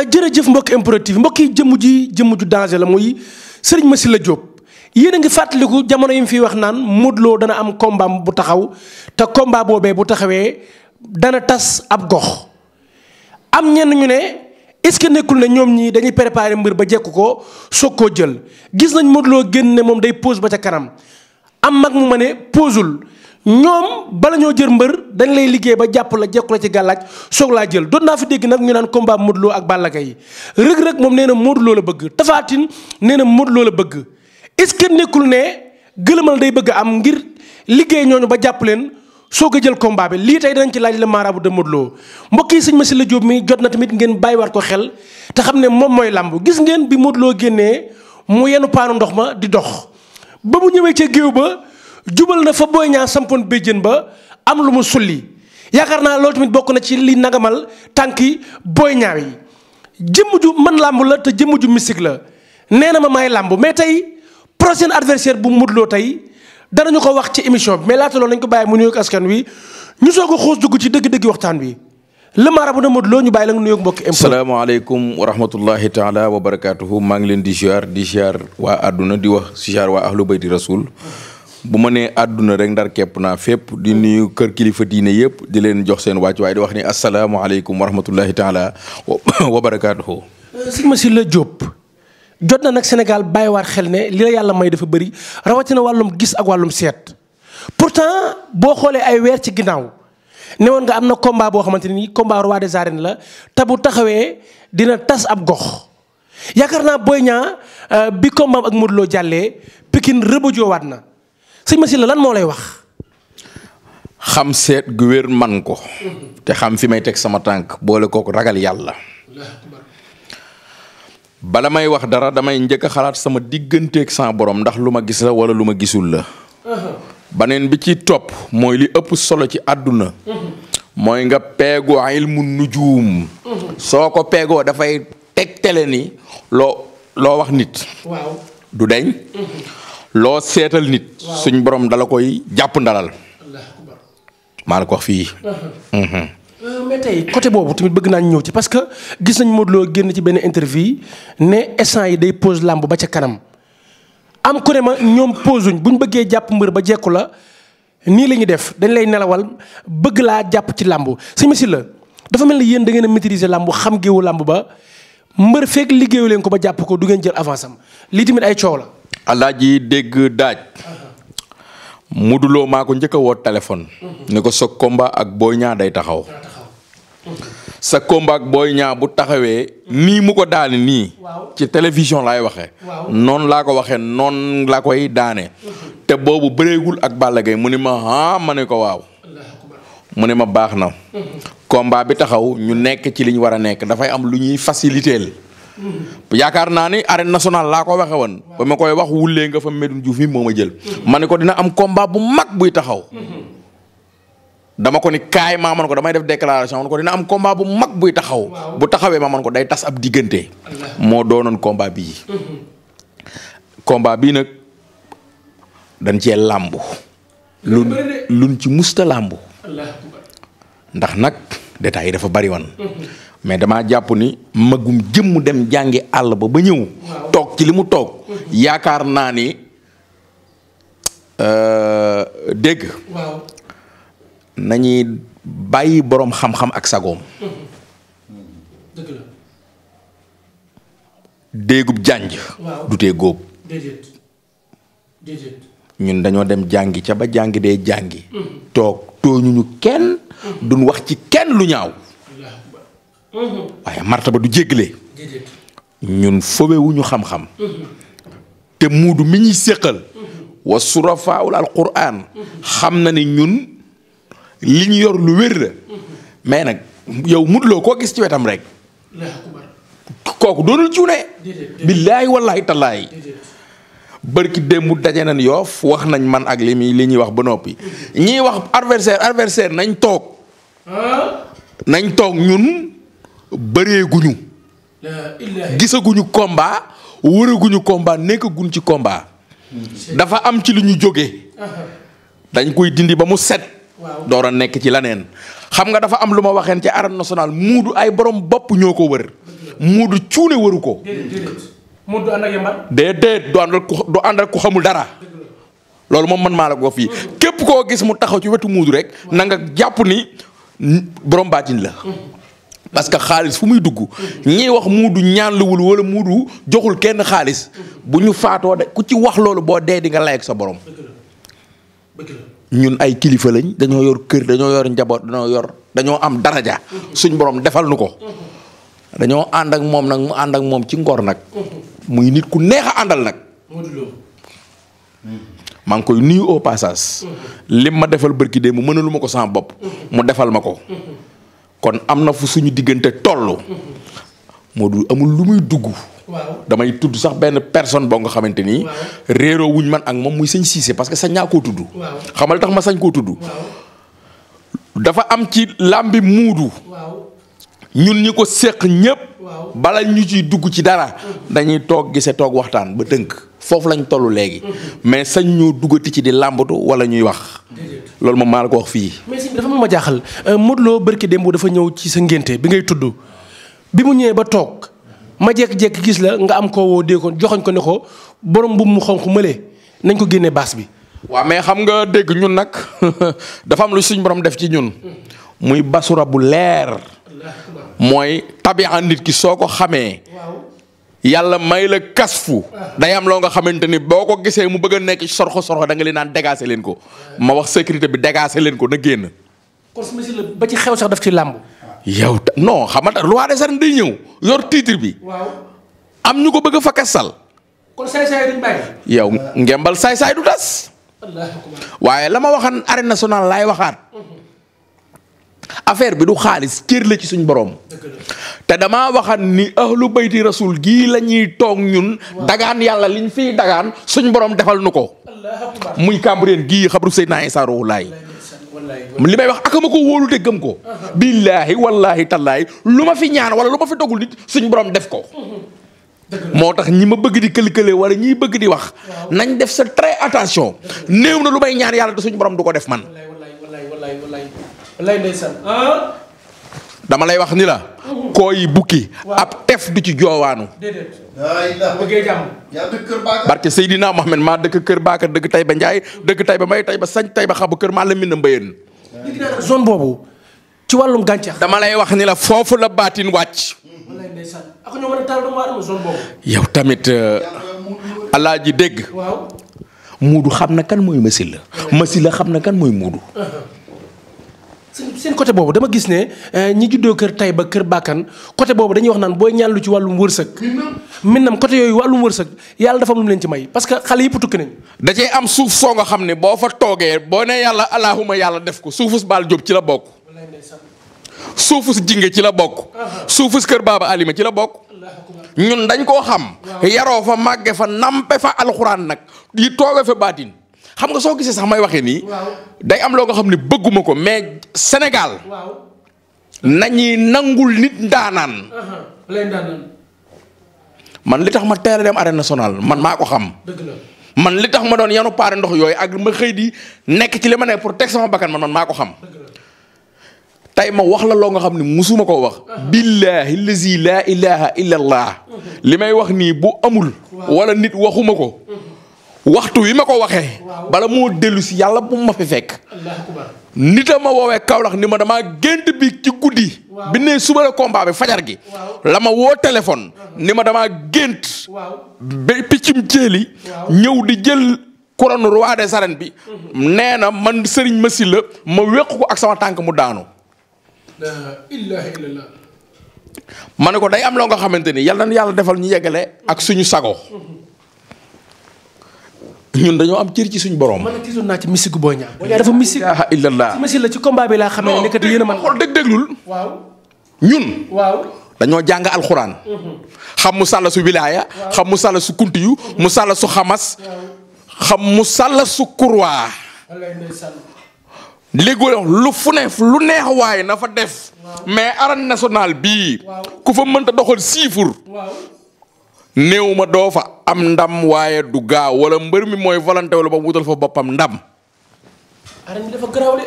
Eh, jërëjëf mbokk impératif mbokk yi jëmm ji jëmm ju danger la muy Serigne Massila Diop yéen a ngi fàttaliku jamono yi mu fi wax naan Modou dana am combat bu taxaw te combat boobee bu taxawee dana tas ab gox am ñenn ñu ne. est-ce que nekkul ne ñoom ñii dañuy préparer mbir ba jekk ko soog koo jël gis nañ Modou Lo génn ne moom day pause ba ca kanam am mag mu ma ne pausul ñoom bala ñoo jël mbër dañ lay liggéey ba jàpp la jekku ci gàllaaj soog laa jël doon naa fi dégg nag ñu naan kombaa Modou Lo ak Balla Gaye rëg-rëg moom nee na Modou la bëgg Tapha Tine nee na Modou la bëgg est-ce que nekkul ne gëlëmal day bëgg am ngir liggéey ñooñu ba jàpp leen soog a jël combat bi lii tey danañ ci laaj la maaraabu de Modou Lo mbokk yi sëñ Massi la Diop mi jot na tamit ngeen bàyyiwaat ko xel te xam ne moom mooy làmb gis ngeen bi Modou Lo mu yenu paanu ndox ma di dox ba mu ba jubal na fa Boy Niang sampoon béjjën ba am lu mu sulli yaakaar naa loolu tamit bokk na ci li nagamal tànki Boy Niang yi jëmm ju man làmb la te jëmm ju mystique la nee na ma may làmb mais tey prochain adversaire bu mu Lo tey danañu ko wax ci émission bi mais laata loolu nañ ko bàyyi mu nuyoog askan wi ñu soog a xuus dugg ci dëgg-dëgg waxtaan wi le marabout de Modou Lo ñu bàyyi la nga nuyoog mbokki salaamaaleykum wa rahmatullahi taala wa barakaatuhu maa ngi leen di ziar di ziar waa àdduna di wax ziar waa ahlu bayti rasul bu ma nee àdduna rek ndar kepp naa fépp di nuyu kër kilifa diine yëpp di leen jox seen wàcc waaye di wax ni asalaamaaleykum wa rahmatullahi taala wa barakaatuhu. Euh, sëñ la jóob jot na nag Sénégal bàyyiwaat xel ne li la yàlla may dafa bari rawatina wàllum gis ak wàllum seet pourtant boo xoolee ay weer ci ginnaaw newoon nga am na combat boo xamante ni combat roi des arènes la te bu taxawee dina tas ab gox. yaakaar naa Boy Niang euh, bi combat ak Modou Lo jàllee Pikine rëbëjoowaat na. sëñ Massila lan moo lay wax. xam seet gu man ko. te xam fi may teg sama tànk boole kooku ragal yàlla. bala may wax dara damay njëkk a xalaat sama digganteeg sans borom ndax lu ma gis la wala lu ma gisul la. baneen bi ci topp mooy li ëpp solo ci àdduna. mooy nga peegoo ilmu nujuum. soo ko peegoo dafay teg tele ni loo loo wax nit. du deñ. loo seetal nit suñ borom dala koy jàpp ndalal maa la ko fii. Uh-huh. Mm-hmm. Euh, tey côté boobu tamit bëgg naa ñëw ci parce que gis nañ Modou génn ci benn interview ne instant yi day pose làmb ba ca kanam am ku ma ñoom posuñ buñ bëggee jàpp mbër ba jekku la nii la def dañ lay nelawal bëgg laa jàpp ci làmb si la dafa mel ni yéen da ngeen a làmb xam géewu làmb ba mbër fekk liggéeyu leen ko ba jàpp ko du ngeen jël avance am lii tamit ay coow la. yi dégg daaj muduloo maa ko njëkk a woo téléphone mhm. ne ko sa combat ak Boy Niang day taxaw mhm. sa combat ak Boy Niang bu taxawee nii mu ko daane nii ci télévision laay waxee noonu laa ko waxee noonu la koy daane mhm. te boobu bëreegul ak Balla Gaye mu ne ma ah ma ne ko waaw mu ne ma baax na combat bi taxaw ñu nekk ci li ñu war a nekk dafay am lu ñuy faciliteel yaakaar naa ni arène nationale laa ko waxe woon ba ma koy wax wulee nga fa Medoune Diouf mi moo ma jël ma ne ko dina am combat bu mag buy taxaw dama ko ni kaay man ko damay def déclaration man ko dina am combat bu mag buy taxaw bu taxawee maa man ko day tas ab diggante moo doonoon combat bii komba mhm. bii nag dañ cee làmb lun luñ ci musta làmb ndax nag détails yi dafa bari mais dama jàpp ni magum jëmm dem jàngi àll ba ba ñëw. toog ci li mu toog. yaakaar naa ni euh, dégg. waaw nañuy bàyyi boroom xam-xam ak sagoom. dëgg la. jànj. du góob. ñun dañoo dem jàngi ca ba jàngi dee jàngi. Mm-hmm. toog tooñuñu kenn. Mm-hmm. duñ wax ci kenn lu ñaaw. Mm-hmm. waaye martaba du jéggale ñun fobewuñu xam-xam mm-hmm. te muudu mi ñuy séqal mm-hmm. wa surafaawul alquran xam na ni ñun li ñu yor lu wér la mais nag yow mudloo koo gis ci wetam rek kooku doonul cuune billaahi wallaahi tallaahi bërki démb daje nañ yoof wax nañ man ak li muy li ñuy wax ba noppi ñuy wax adversaire adversaire nañ toog nañ toog ñun bëreeguñu. gisaguñu komba wëraguñu combat nekkaguñ ci komba mm-hmm. dafa am ci lu ñu jóge uh-huh. dañ koy dindi ba mu set. door a nekk ci leneen. xam nga dafa am lu ma waxeen ci arène national muudu ay borom bopp ñoo ko wër. muudu cuune wëru ko. muudu ànd ak du ànd ak ku xamul dara. loolu moom man maa la ko fii mm-hmm. képp koo gis mu taxaw ci wetu muudu rek na jàpp ni borom baatin la. Mm-hmm. parce que xaalis fu muy dugg. ñiy wax muudu ñaanluwul wala muudu joxul kenn xaalis. bu ñu faatoo de ku ci wax loolu boo dee di nga lay sa borom. ñun ay kilifa lañ dañoo yor kër dañoo yor njaboot dañoo yor dañoo am daraja. suñ borom defal nu ko. dañoo ànd ak moom nag mu ànd ak moom ci ngor nag. muy nit ku neex a àndal nag. maa ngi koy nuyu au lim ma defal bërki dee mu mënalu ma ko sama bopp. mu defal ma ko. kon am na fu suñu diggante toll. du amul lu muy dugg. damay tudd sax benn personne boo nga xamante ni. réeroo wuñ man ak moom muy sëñ siise parce que sañ ñaa koo tudd. xamal tax ma sañ koo tudd. dafa am ci làmbi muudu. ñun ñi ko séq ñépp bala ñu ciy dugg ci dara dañuy toog gise toog waxtaan ba tënk foofu lañ tollu léegi uhuh. mais sañ ñoo duggati ci di làmbatu walla ñuy wax loolu moom maa la ko wax fii dafa ma ma jaaxal euh, Modou Lo barki démb dafa ñëw ci sa ngénte bi ngay tudd bi mu ñëwee ba toog ma jékki-jékki gis la nga am ko woo dee ko ko ne ko borom mbubb mu xonq mële nañ ko génnee baas bi. waaw mais xam nga dégg ñun nag dafa am lu suñ borom def ci ñun muy basura bu leer mooy tabi'a nit ki soo ko xamee. yàlla may la kasfu day am loo nga xamante ni boo ko gisee mu bëgg a nekk sorxo sorxo da nga leen naan dégaase leen ko ma wax sécurité bi dégaase leen ko na génn. kon ba ci xew sax daf ci làmb. yow non xam nga roi des arènes day ñëw yor titre bi. waaw am ñu ko bëgg a fa kasal. kon saay yow ngembal saay-saay du tas. waaye la ma waxan arène nationale laay waxaat. affaire bi du xaalis cër ci suñ borom. te damaa waxan ni lu bayti rasul gii la ñuy toog ñun. dagaan yàlla liñ fiy dagaan suñ borom defal nu ko. muy Cambérène gii xabru Seydina Issa Rouhou Laye li may wax akama ko wóolu te gëm ko billaahi wallaahi tallaahi lu ma fi ñaan wala lu ma fi dogul nit suñ borom def ko moo tax ñi ma bëgg di këlikële wala ñiy bëgg di wax nañ def sa très attention néew na lu may ñaan yàlla te suñ borom du ko def man dama lay wax ni la kooy bukki ab tef du ci joowaanu bëggee jàmm barke Seydina Mohamed ma dëkk Kër Baaka dëkk Taïba Ndiaye dëkk ba May ba Taïba Sañ Taïba Xabu Kër maa la min na mbéyeen zone boobu ci wàllum gàncax dama lay wax ni la foofu la baatin wàcc yow tamit euh, alaa ji dégg muudu xam na kan mooy masila eh. masila xam na kan mooy muudu eh. seen côté boobu dama gis ne euh, ñi juddoo kër tay ba kër bàkkan côté boobu dañuy wax naan booy ñaan lu ci wàllum wërsëg. miinam côté yooyu wàllum wërsëg yàlla dafa mun lu leen ci may parce que xale yëpp tukki nañ. am suuf soo nga xam ne boo fa toogee boo nee yàlla allahuma yàlla def ko suufus baal jóob ci la bokk. jinge ci la bokk. suufus kër baaba alima ci la bokk. dañ koo xam. yaroo fa màggee fa nampe fa alxuraan nag di tooge fa baatin. xam nga soo gisee sax may waxee nii. day am loo nga xam ne bëgguma ko mais Sénégal. nañuy nangul nit ndaanaan. man li tax ma teel a dem arène nationale man maa ko xam. man li tax ma doon yanu paare ndox yooyu ak ma xëy di nekk ci li ma ne pour teg sama bakkan man man maa ko xam. tey ma wax la loo nga xam ni musuma koo wax. billahi lazi laa ilaha illallah. li may wax nii bu amul. walla nit waxuma ko. waxtu wi ma ko waxee. bala moo dellu si yàlla bu ma fi fekk. nit a ma woowee kawlax ni ma damaa gént bi ci guddi. bi ne suba la combat bi fajar gi. la ma woo téléphone. ni ma damaa gént. ba piccum jéeli. ñëw di jël couronne roi des bi. nee na man sëriñ ma la ma wéq ko ak sama tànk mu daanu. ma ne ko day am loo nga xamante ni yàlla na yàlla defal ñu yeggale ak suñu sago. ñun dañoo am cër ci suñu borom. man gisoon naa ci mystique Boy Niang. Boy Niang illallah. ci mystique la ci combat laa xamee nekkati yéen a mën. xool dëgg déglul. waaw ñun. dañoo jàng alxuraan. Mhm. xam mu sàlla su wilaaya. xam mu sàlla su kuntiyu. mu sàlla su xamas. xam mu sàlla su kurwaa. léegi lu fu lu neex waaye na fa def. mais arène nationale bii. ku fa mënta doxal siifur. néew ma doo fa am ndam waaye du gaaw wala mbër mi mooy volonté wala ba wutal fa boppam ndam. dafa garaaw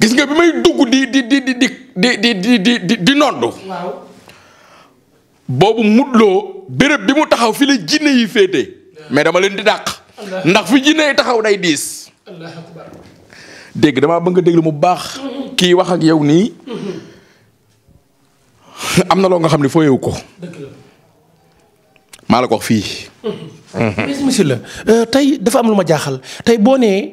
gis nga bi may dugg di di di di di di di di di boobu mudloo béréb bi mu taxaw fi la jinne yi féete. mais dama leen di dàq. ndax fi jinne yi taxaw day diis. dégg damaa bëgg nga déglu mu baax. kii wax ak yow nii. am na loo nga xam ne fooyewu ko. maa la ko fii. monsieur euh, tey dafa am lu ma jaaxal tey boo nee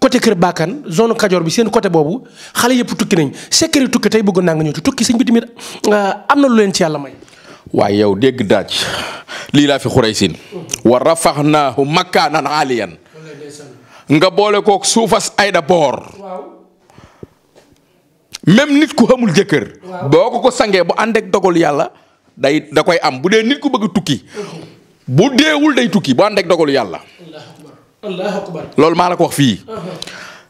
côté Kër Bakkan zone Kajoor bi seen côté boobu xale yëpp tukki nañ sekkari tukki tey bëgg naa nga ñëw ci tukki sëñ bi tamit euh, am na lu leen ci yàlla may. waaye yow dégg daaj lii laa fi xuraysin mm-hmm. wa rafaxnaahu makkaanan aaliyan nga boole kook suufas ayda boor. même nit ku xamul jëkkër. boo ko ko sangee bu ànd ak yàlla day da koy am bu dee nit ku bëgg tukki. bu deewul day tukki bu ànd ak dogalu yàlla. loolu maa la ko wax fii.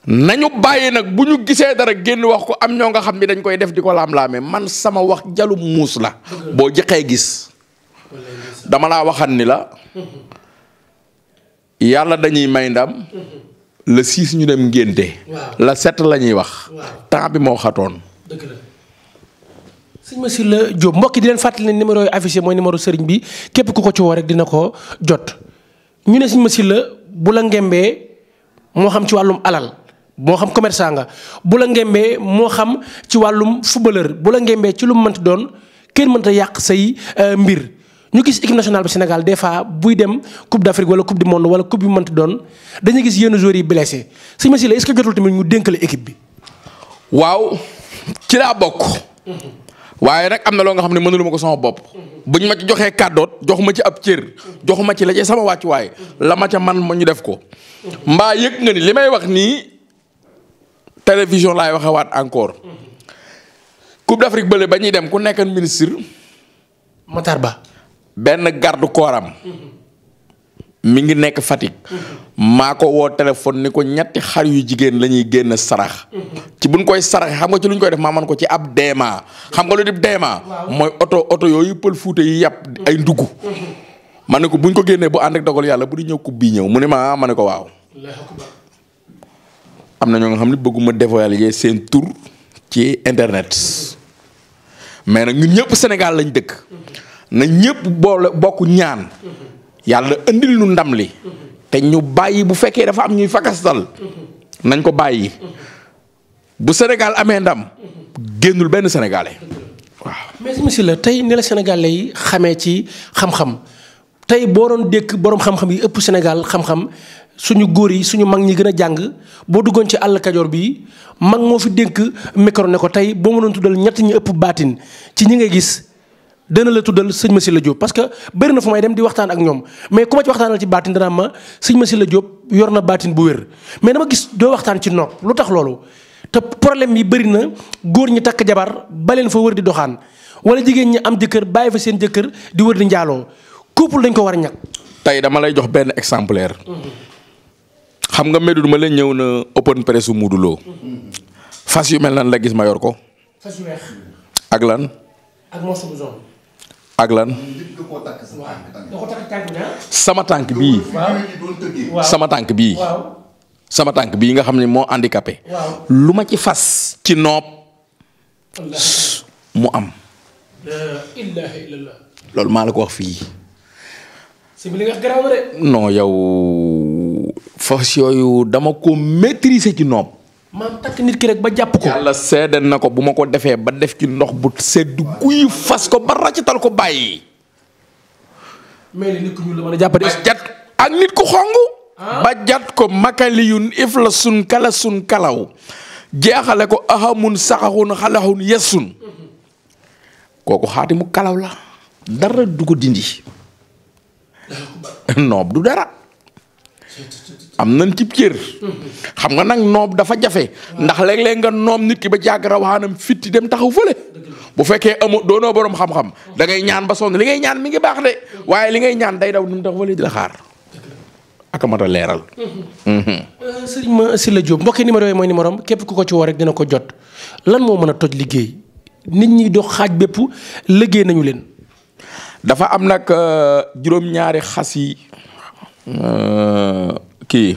nañu bàyyi nag bu ñu gisee dara génn wax ko am ñoo nga xam ni dañ koy def di ko laam-laame man sama wax jalum muus la. boo jëqee gis. dama laa waxan ni la. Uhuh. yàlla dañuy may ndam. Uhuh. le six ñu dem ngénte la sept la ñuy wax. temps bi moo xatoon. dëgg la sëñ Massir la Diop mbokk yi fàttali ne numéro yu affiché mooy numéro sëriñ bi képp ku ko ci woo dina ko jot. ñu ne sëñ Massir la bu la ngembee moo xam ci wàllum alal moo xam commerçant nga bu la ngembee moo xam ci wàllum footballeur bu la ngembee ci lu mu mënti doon kenn mënta yàq say euh, mbir. ñu gis équipe nationale bu Sénégal des fois buy dem coupe d' Afrique wala coupe du monde wala coupe yu ti doon dañuy gis yenn joueurs yi blessé sëñ si est ce que jotul tamit ñu dénk la équipe bi. waaw ci laa bokk. waaye nag am na loo nga xam ne mënuluma ko sama bopp. ñu ma ci joxee kàddoot jox ma ci ab cër. jox ma ci la ca sama wàccuwaay. la ma ca man ma ñu def ko. mbaa yëg nga ni li may wax nii télévision laay waxewaat encore. coupe d' Afrique ba ñuy dem ku nekk ministre. Matar Ba. benn garde kooram mi ngi nekk Fatick maa ko woo téléphone ni ko ñetti xar yu jigéen la ñuy génn sarax ci buñ koy sarax xam nga ci lu koy def maa man ko ci ab deema xam nga lu di deema mooy oto oto yooyu pël fuute yi yàpp ay ndugg ma ne ko buñ ko génnee bu ànd ak yàlla bu di ñëw ku bii ñëw mu ne maa ma ne ko waaw am na ñoo nga xam ne bëgguma dévoiler seen tur ci internet mais nag ñun ñëpp Sénégal lañ dëkk na ñëpp boole bokk ñaan yàlla indil lu ndam li te ñu bàyyi bu fekkee dafa am ñuy fakastal nañ ko bàyyi bu Sénégal amee ndam génnul benn sénégalais waaw. mais monsieur la tey ni la sénégalais yi xamee ci xam-xam tey boo doon dékk boroom xam-xam yi ëpp Sénégal xam-xam suñu góor yi suñu mag ñi gën a jàng boo duggoon ci àll kajoor bii mag moo fi dénk micro ne ko tey boo mën mënoon tuddal ñett ñi ëpp baatin ci ñi ngay gis. dana la ma si la Diop parce que bëri na fu may dem di waxtaan ak ñoom mais ku ma ci waxtaanal ci baatin dana ma sëñ Massila Diop yor na baatin bu wér mais dama gis doo waxtaan ci nopp lu tax loolu te problème yi bëri na góor ñi takk jabar baleen fa wër di doxaan wala jigéen ñi am jëkkër bàyyi fa seen jëkkër di wër di njaaloo couple dañ ko war a ñàkk. tey dama lay jox benn exemplaire. xam nga Médoune ma la ñëw na open press Modou Lo. fas yu mel nan la gis ma yor ko. fas yu ak lan. ak ak sama tànk bii sama tànk bii sama tànk bii nga xam ne moo handicapé lu ma ci fas ci noob mu am loolu maa la ko wax fii non yow fas yooyu dama ko maîtriser ci noob maam takk nit ba jàpp ko. yàlla na ko bu ma ko defee ba def ci ndox bu sedd guy fas ko ba ràccatal ko bàyyi. jat ak nit ku xongu. Ah. ba jat ko makaliyun ifla sun kala sun kalaw jeexale ko ahamun saxaxun xalaxun yesun kooku xaati mu kalaw la. dara du ko dindi. non du dara. am nañ cib cër. xam nga nag noob dafa jafe. ndax léeg-léeg nga noom nit ki ba jàgg rawaanam fitti dem taxaw fële. bu fekkee amu doonoo borom xam-xam da ñaan ba sonn li ngay ñaan mi ngi baax de waaye li ngay ñaan day daw nu mu taxaw fële di la xaar. aka mat a leeral. Mhm. Euh, sëriñ ma Sylla Diop mbokki numéro yi mooy numéro am képp ku ko ci woo dina ko jot lan moo mën a toj liggéey nit ñi dox xaaj bépp liggéey nañu leen. dafa am nag euh, juróom-ñaari xas yi. Euh, kii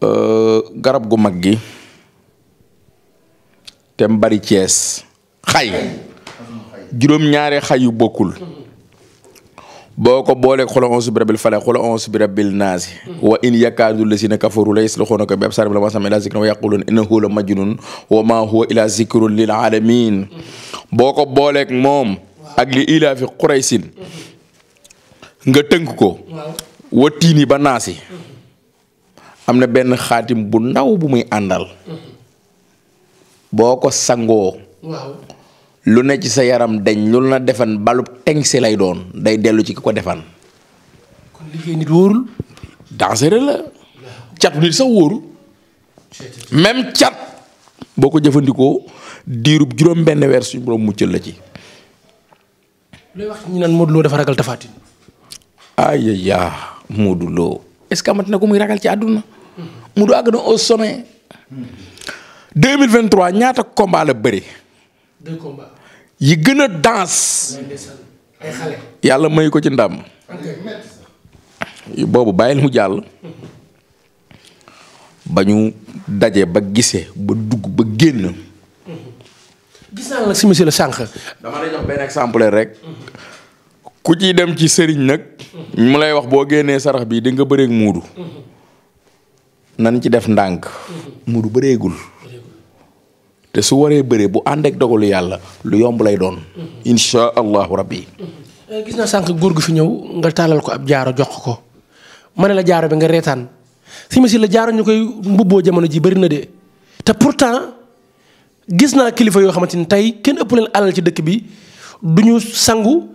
euh, garab gu mag gi te bari Cees xay juróom-ñaari xay yu bokkul boo ko booleeg xula onsu bi rabbil falaq xula onsu bi naasi wa in yakaadu lazina kafaru la yasluxuunaka bi absaarihim lammaa sami'uu ilaa zikrin wa yaquuluuna innahu la majnuun wa maa huwa illaa lil aalamiin boo ko booleeg moom ak li ilaafi Quraysin nga tënk ko. wa tiini ba naasi. am na benn xaatim bu ndaw bu muy àndal. boo ko sangoo. lu ne ci sa yaram dañ lu na defan balub tengsi lay doon day dellu ci ki ko defan. kon liggéey nit cat boo ko jëfandikoo diirub juróom benn weer suñ borom muccal la ci. looy wax ñu naan Modou Lo ayaya Modou loo est-ce que amat na ko muy ragal ci àdduna. Modou àgg na au sommet. 2023 ñaata combat la bëri. deux combats. yi gën a danse. yàlla may ko ci ndam. boobu bàyyil mu jàll. ba ñu daje ba gisee ba dugg ba génn. gis naa si monsieur le sànq. dama rek. Mhm. ku ci dem ci sëriñ nag mu lay wax boo génnee sarax bii di nga bëreeg muudu nan ci def ndànk muudu bëreegul te su waree bëree bu ànd ak dogalu yàlla lu yomb lay doon insha allahu rabbi eh, gis naa sànq góor gu fi ñëw nga taalal ko ab jaaro jox ko ma ne la jaaro bi nga reetaan si ma si la jaaro ñu koy mbubboo jamono ji bëri na de te pourtant gis naa kilifa yoo xamante ni tey kenn ëpp leen alal ci dëkk bi du ñu sangu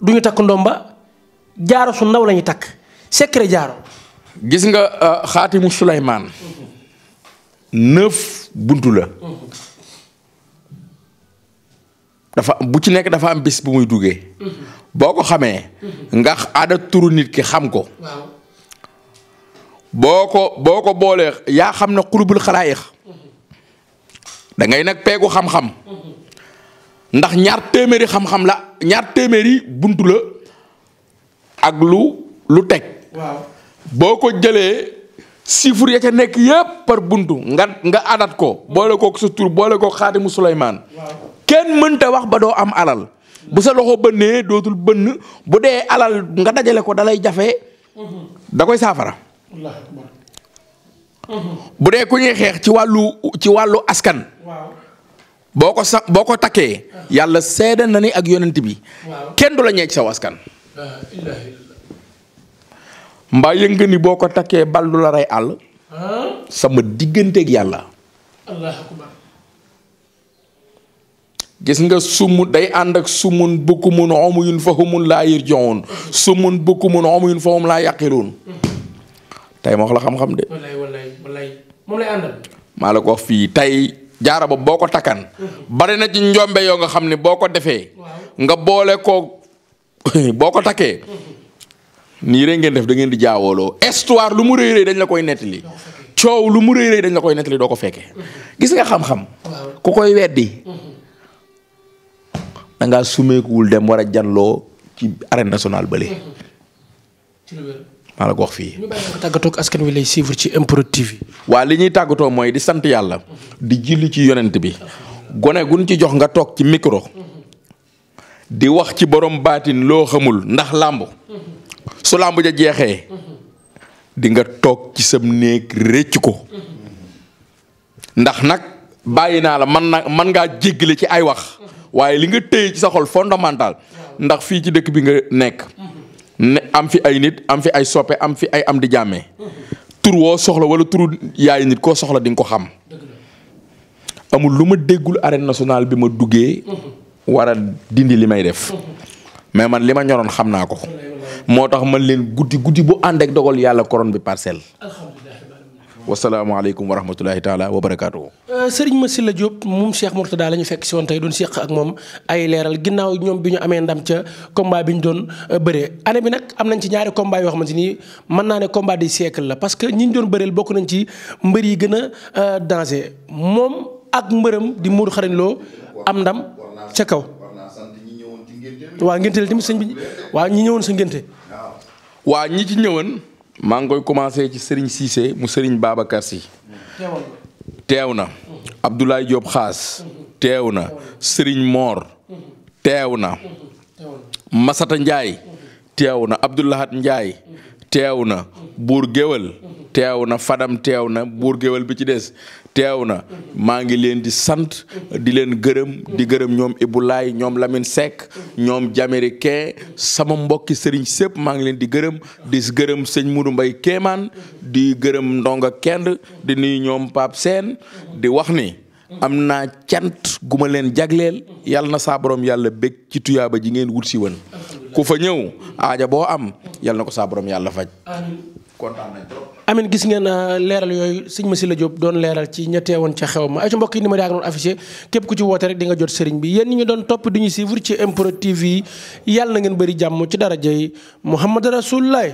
du ñu takk ndomba jaaro su ndaw lañuy ñuy takk secret jaaro. gis nga euh, xaatimu Souleymane. neuf buntu la. dafa bu ci nekk dafa am bis bu muy duggee. boo ko xamee. nga aada turu nit ki xam ko. boo ko boo ko boolee yaa xam ne xulubul xalaayix dangay ngay nag peegu xam-xam. ndax ñaar téeméeri xam-xam la ñaar téeméeri buntu la ak lu lu teg. waaw boo ko jëlee chiffre ya ca nekk yëpp par bunt nga nga adat ko boole kook sa tur boole kook xaatimu Souleymane. kenn mënta wax ba doo am alal. bu sa loxo bënnee dootul bënn bu dee alal nga dajale ko dalay jafe. Mhm. da koy saafara. bu dee ku ñuy xeex ci wàllu wàllu askan. boo ko sa boo ko takkee yàlla seede na ni ak yonent bi kenn du la ñeec sa waskan mbaa yënga ni boo ko takkee bal du la rey àll sama digganteeg yàlla gis nga sumu day ànd ak sumun bukkumun umyun fahumun laa yarji'uun sumun bukkumun umyun fahumun laa yaqiluun hmm. tey ma wax la xam-xam de. maa la ko wax fii tey jaara ba boo ko takkan bari na ci njombe yoo nga xam ne boo ko defee nga boole koo boo ko takkee nii rek ngeen def da ngeen di jaawooloo histoire lu mu rëy dañ la koy nettali coow lu mu rëy rëy dañ la koy nettali doo ko fekkee gis nga xam-xam ku koy weddi da sumeekuwul dem war janloo ci arène nationale bële maa la ko wax fii. ñu bàyyi la ko askan wi lay suivre ci MPROD TV. waa li ñuy tàggatoo mooy di sant yàlla. di julli ci yonent bi. gone guñ ci jox nga toog ci micro. di wax ci borom baatin loo xamul ndax làmb. su làmb ja jeexee. di nga toog ci sam néeg rëcc ko. ndax nag bàyyi naa la man na man ngaa jéggale ci ay wax. waaye li nga téye ci sa xol fondamental. ndax fii ci dëkk bi nga nekk. ne am fi ay nit am fi ay soppe am fi ay am di jàmme tur woo soxla wala turu yaayu nit koo soxla di nga ko xam amul lu ma déggul arène nationale bi ma duggee war a dindi li may def mais man li ma ñoroon xam naa ko moo tax man leen guddi guddi bu ànd ak dogal yàlla koron bi parcelle wasalaamualeykum wa rahmatulahi taala wa barakaatu. Euh, sëriñ Massila Diop moom Cheikh Mourtada la ñu fekk si woon tey doon seq ak moom ay leeral ginnaaw ñoom bi ñu amee ndam ca combat bi ñu doon euh, bëree année bi nag am nañ ci ñaari combat yoo xamante ni mën naa ne combat du siècle la parce que ñi ñu doon bëreel bokk nañ ci mbër yi gën a euh, danger moom ak mbërëm di Modou Xarañ Lo am ndam ca kaw. waaw ngénte la tamit sëñ bi waa ñi ñëwoon sa ngénte. waaw ñi ci ñëwoon. maa ngi koy commencé ci Serigne Cissé mu Serigne Babacar Sy teew na Abdoulaye Diop Xaas teew na Serigne Mor teew na Masata Ndiaye teew na Abdoulahat Ndiaye teew na Buur Géwël teew na Fadam teew na Buur Géwël bi ci des teew na maa ngi leen di sant di leen gërëm di gërëm ñoom Ibulaay ñoom Lamine Seck ñoom Jaméricain sama mbokki sëriñ sépp maa ngi leen di gërëm di gërëm sëñ Mourou mbay Kéemaan di gërëm ndonga kend di nuyu ñoom Pape seen di wax ni am naa cant guma leen jagleel yàlla na saa borom yàlla bég ci tuyaaba ji ngeen wut si woon ku fa ñëw aaja boo am yàlla na ko saa yàlla faj kontaan nañ trop. Amin gis ngeen euh, leeral yooyu sëñ Massila Diop doon leeral ci ña woon ca xew ma ay ci mbokk yi ni ma daa doon affiché képp ku ci woote rek di nga jot sëriñ bi yéen ñi doon topp di ñu suivre ci MPROD TV yi yàlla na ngeen bëri jàmm ci darajay Muhammad Rasulullah